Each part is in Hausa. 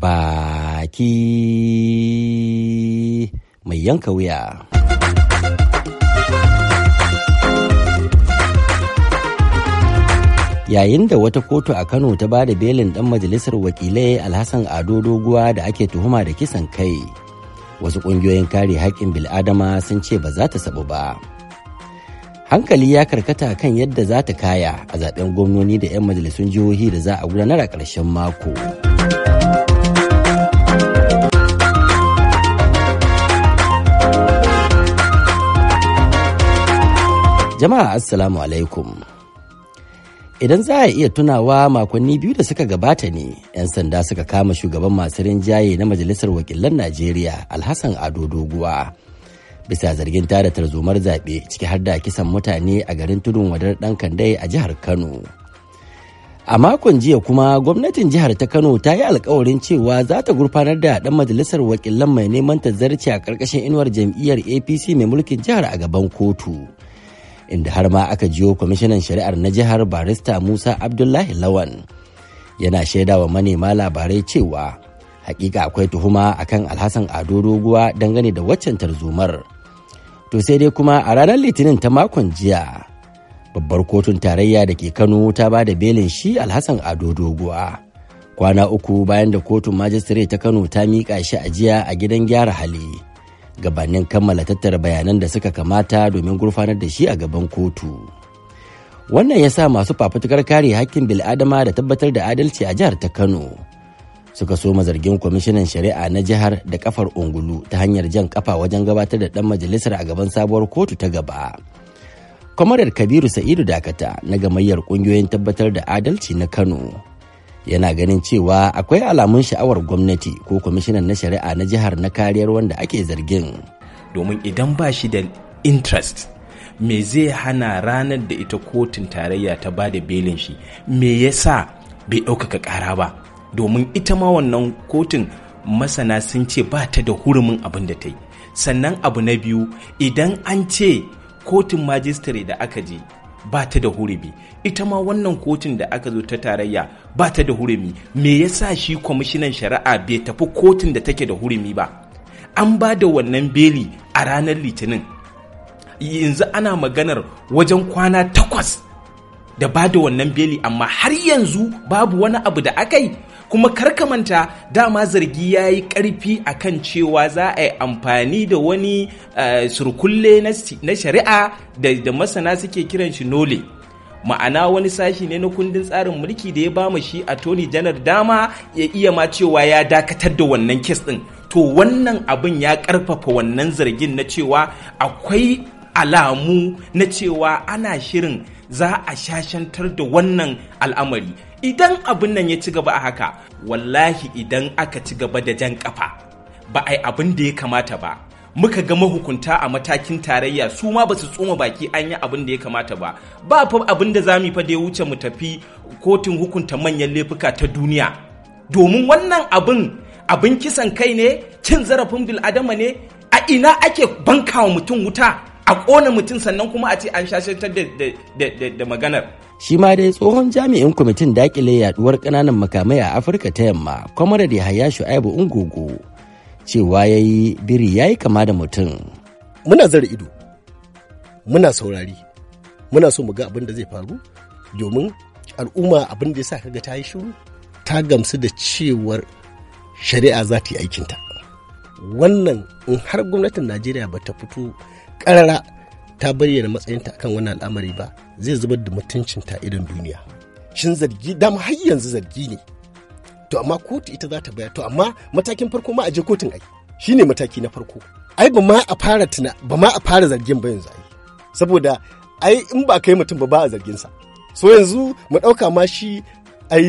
baki mai yanka wuya. Yayin da wata kotu a Kano ta ba da belin ɗan majalisar wakilai Alhassan Ado Doguwa da ake tuhuma da kisan kai, wasu ƙungiyoyin kare haƙƙin bil'adama sun ce ba za ta sabu ba. Hankali ya karkata kan yadda za ta kaya a zaben gwamnoni da 'yan majalisun jihohi da za a gudanar a ƙarshen mako. Jama'a Assalamu alaikum. Idan za a iya tunawa makonni biyu da suka gabata ne, 'yan sanda suka kama shugaban masu rinjaye na Majalisar Wakilan Najeriya Alhassan Ado Doguwa. Bisa zargin tara tarzomar zaɓe ciki har da kisan mutane a garin tudun wadar ɗan kandai a jihar Kano. A makon jiya kuma gwamnatin jihar ta Kano ta yi alkawarin cewa za ta gurfanar da ɗan majalisar wakilan mai neman tazarci a ƙarƙashin inuwar jam'iyyar APC mai mulkin jihar a gaban kotu. inda har ma aka jiyo kwamishinan shari'ar na jihar barista musa abdullahi lawan yana shaida wa manema labarai cewa hakika akwai tuhuma akan alhassan ado doguwa dangane da waccan tarzomar to sai dai kuma a ranar litinin ta makon jiya babbar kotun tarayya da ke kano ta ba da belin shi alhassan ado doguwa kwana uku bayan da kotun majistare ta kano ta miƙa shi a jiya a gidan gyara hali gabanin kammala tattara bayanan da suka kamata domin gurfanar da shi a gaban kotu wannan ya sa masu fafutukar kare hakkin bil'adama da tabbatar da adalci a jihar ta kano suka soma zargin kwamishinan shari'a na jihar da kafar ungulu ta hanyar jan kafa wajen gabatar da dan majalisar a gaban sabuwar kotu ta gaba kwamarar kabiru sa'idu dakata na gamayyar kungiyoyin tabbatar da adalci na kano yana ganin cewa akwai alamun sha'awar gwamnati ko kwamishinan na shari'a na jihar na kariyar wanda ake zargin domin idan ba shi da interest me zai hana ranar da ita kotun tarayya ta ba da belin shi me yasa bai ɗaukaka ƙara ba domin ita ma wannan kotun masana sun ce ba ta da hurumin abin da ta yi sannan abu na biyu idan an ce kotun majistare da aka je ba ta da hurumi ita ma wannan kotun da aka zo ta tarayya ba ta da hurumi me yasa shi kwamishinan shari'a bai tafi kotun da take da hurumi ba an ba da wannan beli a ranar litinin yanzu ana maganar wajen kwana takwas da ba da wannan beli amma har yanzu babu wani abu da aka yi kuma karkamanta dama zargi ya yi karfi a kan cewa za a yi amfani da wani eh, surkulle na shari'a da masana suke kiran shi nole ma'ana wani sashi ne na kundin tsarin mulki da ya ba mu shi tony janar dama ya iya ma cewa ya dakatar da wannan kes din to wannan abin ya karfafa wannan zargin na cewa akwai alamu na cewa ana shirin za a shashantar da wannan al'amari idan abin nan ya ci gaba a haka wallahi idan aka ci gaba da jan kafa ba a yi abin da ya kamata ba muka ga mahukunta a matakin tarayya su ma ba su tsoma baki an yi abin da ya kamata ba ba fa abin da za mu fa da ya wuce mu tafi kotun hukunta manyan laifuka ta duniya domin wannan abin abin kisan kai ne cin zarafin bil'adama ne a ina ake bankawa mutum wuta a ƙona mutum sannan kuma a ce an shashantar da maganar. Shi ma dai tsohon jami'in kwamitin dakile yaduwar kananan makamai a Afirka ta yamma, Kwamar da Shu'aibu Ungugu, cewa ya yi biri ya yi kama da mutum. Muna zara ido, muna saurari, muna so mu ga abin da zai faru, domin al'umma abin da ya sa kaga ta yi shiru, ta gamsu da cewar shari'a za ta yi aikinta. Wannan in har gwamnatin Najeriya ba ta fito karara ta bayyana matsayinta akan wannan al'amari ba zai zubar da mutuncinta idan duniya shin zargi dama har yanzu zargi ne to amma kotu ita za ta baya to amma matakin farko ma a je kotun ai shine mataki na farko ai ba ma a fara tuna ba ma a fara zargin ba yanzu ai saboda ai in ba kai mutum ba ba a zargin sa so yanzu mu dauka ma shi ai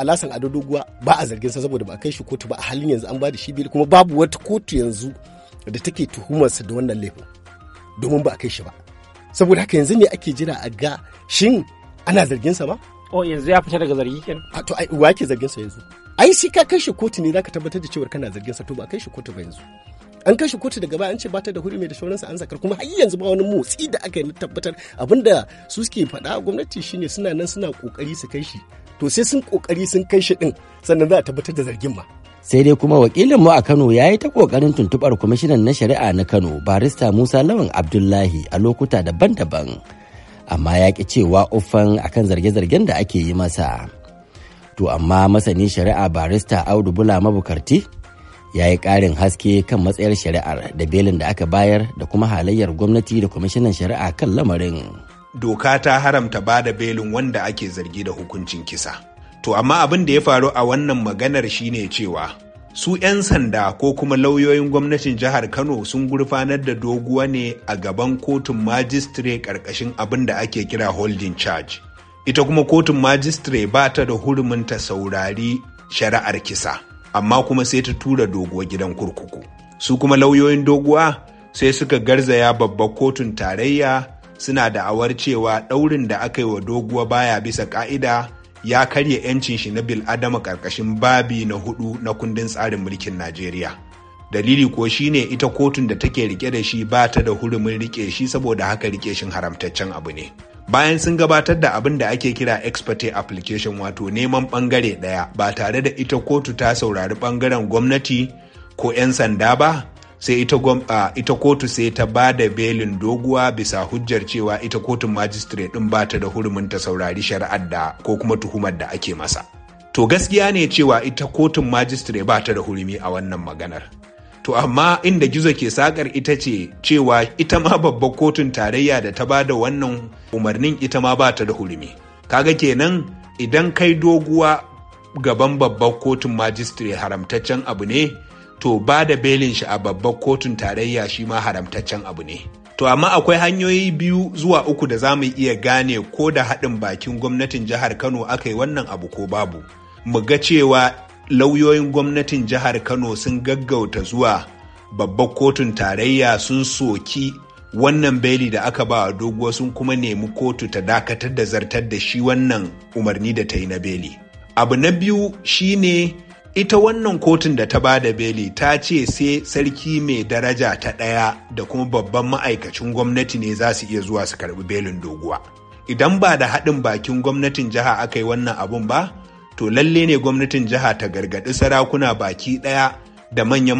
alasan ado doguwa ba a zargin sa saboda ba a kai shi kotu ba a halin yanzu an ba da shi bil kuma babu wata kotu yanzu da take sa da wannan laifin domin ba a kai shi ba saboda haka yanzu ne ake jira a ga shin ana zargin sa ba oh yanzu ya fita daga zargi a to ai uwa ke zargin sa yanzu ai sai ka kai shi kotu ne zaka tabbatar da cewa kana zargin sa to ba kai shi kotu ba yanzu an kai shi kotu daga baya an ce bata da hurumi da shauransa an zakar kuma har yanzu ba wani motsi da aka yi na tabbatar abinda su suke faɗa gwamnati shine suna nan suna kokari su kai shi to sai sun kokari sun kai shi din sannan za a tabbatar da zargin ma sai dai kuma wakilin mu a kano ya yi ta kokarin tuntubar kwamishinan na shari'a na kano barista musa lawan abdullahi a lokuta daban-daban amma ya ki cewa ufan akan zarge-zargen da ake yi masa to amma masanin shari'a barista audu bula mabukarti ya yi ƙarin haske kan matsayar shari'ar da belin da aka bayar da kuma halayyar gwamnati da kwamishinan shari'a kan lamarin doka ta haramta ba da belin wanda ake zargi da hukuncin kisa To amma abin da ya faru a wannan maganar shine cewa su 'yan sanda ko kuma lauyoyin gwamnatin jihar Kano sun gurfanar da doguwa ne a gaban kotun majistire ƙarƙashin abin da ake kira holding charge. Ita kuma kotun majistire ba ta da hurumin saurari shari'ar kisa, amma kuma sai ta tura doguwa gidan kurkuku. Su kuma lauyoyin doguwa sai suka garzaya babbar kotun tarayya suna da awar cewa ɗaurin da aka yi wa doguwa baya bisa ka'ida ya karya 'yancin shi na bil adama karkashin babi na hudu na kundin tsarin mulkin Najeriya. Dalili ko shine ita kotun da take rike da shi ba ta da hurumin rike shi saboda haka rike shin haramtaccen abu ne. Bayan sun gabatar da abin da ake kira expertise application wato neman bangare ɗaya ba tare da ita kotu ta saurari bangaren gwamnati ko 'yan sanda ba, sai ita gwamna ita kotu sai ta ba da belin doguwa bisa hujjar cewa ita kotun magistrate din ba ta da hurumin ta saurari shari'ar da ko kuma tuhumar da ake masa to gaskiya ne cewa ita kotun magistrate ba ta da hurumi a wannan maganar to amma inda gizo ke sakar ita ce cewa ita ma babbar kotun tarayya da ta ba da wannan umarnin ita ma ba ta da hurumi kaga kenan idan kai doguwa gaban babbar kotun majistire haramtaccen abu ne to ba da belin shi a babbar kotun tarayya shi ma haramtaccen abu ne. To amma akwai hanyoyi biyu zuwa uku da za mu iya gane ko da haɗin bakin gwamnatin jihar Kano aka yi wannan abu ko babu. Mu ga cewa lauyoyin gwamnatin jihar Kano sun gaggauta zuwa babbar kotun tarayya sun soki wannan beli da aka ba doguwa sun kuma nemi kotu ta dakatar da zartar da shi wannan umarni da ta yi na beli. Abu na biyu shine ita wannan kotun da ta bada beli ta ce sai sarki mai daraja ta ɗaya da kuma babban ma'aikacin gwamnati ne za su iya zuwa su karɓi belin doguwa idan ba da haɗin bakin gwamnatin jiha aka yi wannan abun ba to lalle ne gwamnatin jiha ta gargaɗi sarakuna baki ɗaya da manyan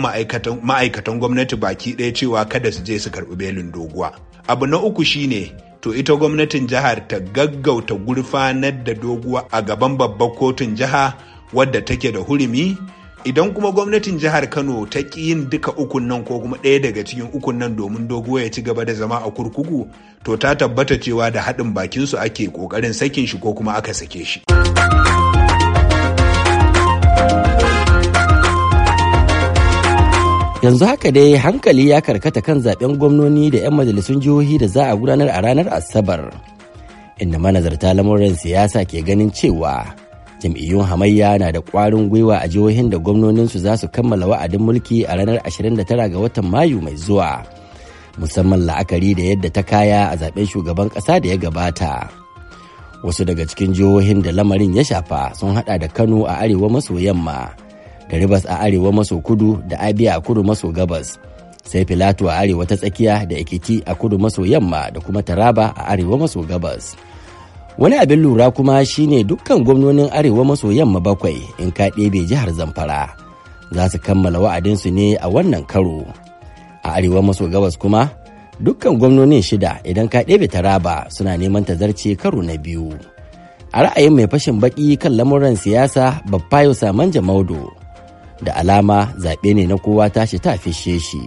ma'aikatan gwamnati baki ɗaya cewa kada su je su karɓi belin doguwa abu na uku shine to ita gwamnatin jihar ta gaggauta gurfanar da doguwa a gaban babbar kotun jiha wadda take da hurumi idan kuma gwamnatin jihar kano ta ƙi yin duka ukun nan ko kuma ɗaya daga cikin ukun nan domin doguwa ya ci gaba da zama a kurkuku to ta tabbata cewa da haɗin bakin bakinsu ake ƙoƙarin sakin shi ko kuma aka sake shi yanzu haka dai hankali ya karkata kan zaben gwamnoni da 'yan majalisun jihohi da za a gudanar a ranar asabar inda manazarta lamuran siyasa ke ganin cewa jam'iyyun hamayya na da kwarin gwiwa a jihohin da gwamnoninsu za su kammala wa'adin mulki a ranar 29 ga watan mayu mai zuwa musamman la'akari da yadda ta kaya a zaben shugaban ƙasa da ya gabata wasu daga cikin jihohin da lamarin ya shafa sun hada da kano a arewa maso yamma da ribas a arewa maso kudu da abia a kudu maso gabas sai filato a arewa ta tsakiya da ekiti a kudu maso yamma da kuma taraba a arewa maso gabas wani abin lura kuma shine dukkan gwamnonin arewa maso yamma bakwai in ka ɗebe jihar zamfara za su kammala wa'adinsu ne a wannan karo a arewa maso gabas kuma dukkan gwamnonin shida idan ka ɗebe taraba suna neman tazarce karo na biyu a ra'ayin mai fashin baki kan lamuran siyasa babbayo samanja maudo da alama zaɓe ne na kowa tashi ta fishe shi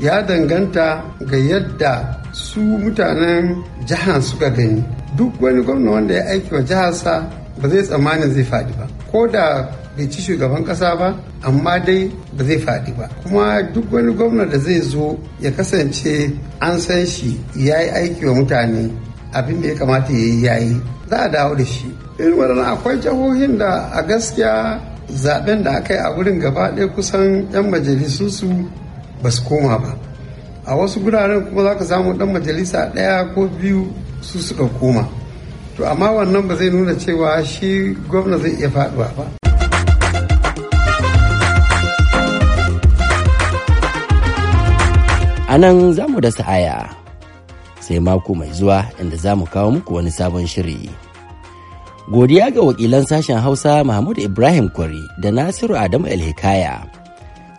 ya danganta ga yadda su mutanen jihar suka gani duk wani gwamna wanda ya aiki wa jiharsa ba zai tsammanin zai faɗi ba ko da bai ci shugaban ƙasa ba amma dai ba zai faɗi ba kuma duk wani gwamna da zai zo ya kasance an san shi ya yi aiki wa mutane abin da ya kamata ya yi ya yi za a dawo da shi irin waɗannan akwai jihohin da a gaskiya zaben da aka yi a wurin gaba ɗaya kusan 'yan majalisu su ba su koma ba a wasu guraren kuma za ka samu ɗan majalisa ɗaya ko biyu su suka koma to amma wannan ba zai nuna cewa shi gwamna zai iya faɗuwa ba a nan za mu da sa'aya sai mako mai zuwa inda za mu kawo muku wani sabon shiri godiya ga wakilan sashen hausa mahmud ibrahim kwari da nasiru adamu el-hikaya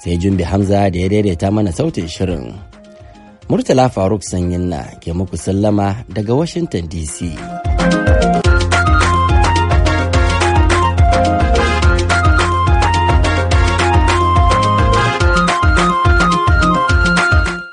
sai jumbi hamza da ya daidaita mana sautin shirin Murtala Faruk Sanyin na ke muku sallama daga Washington DC.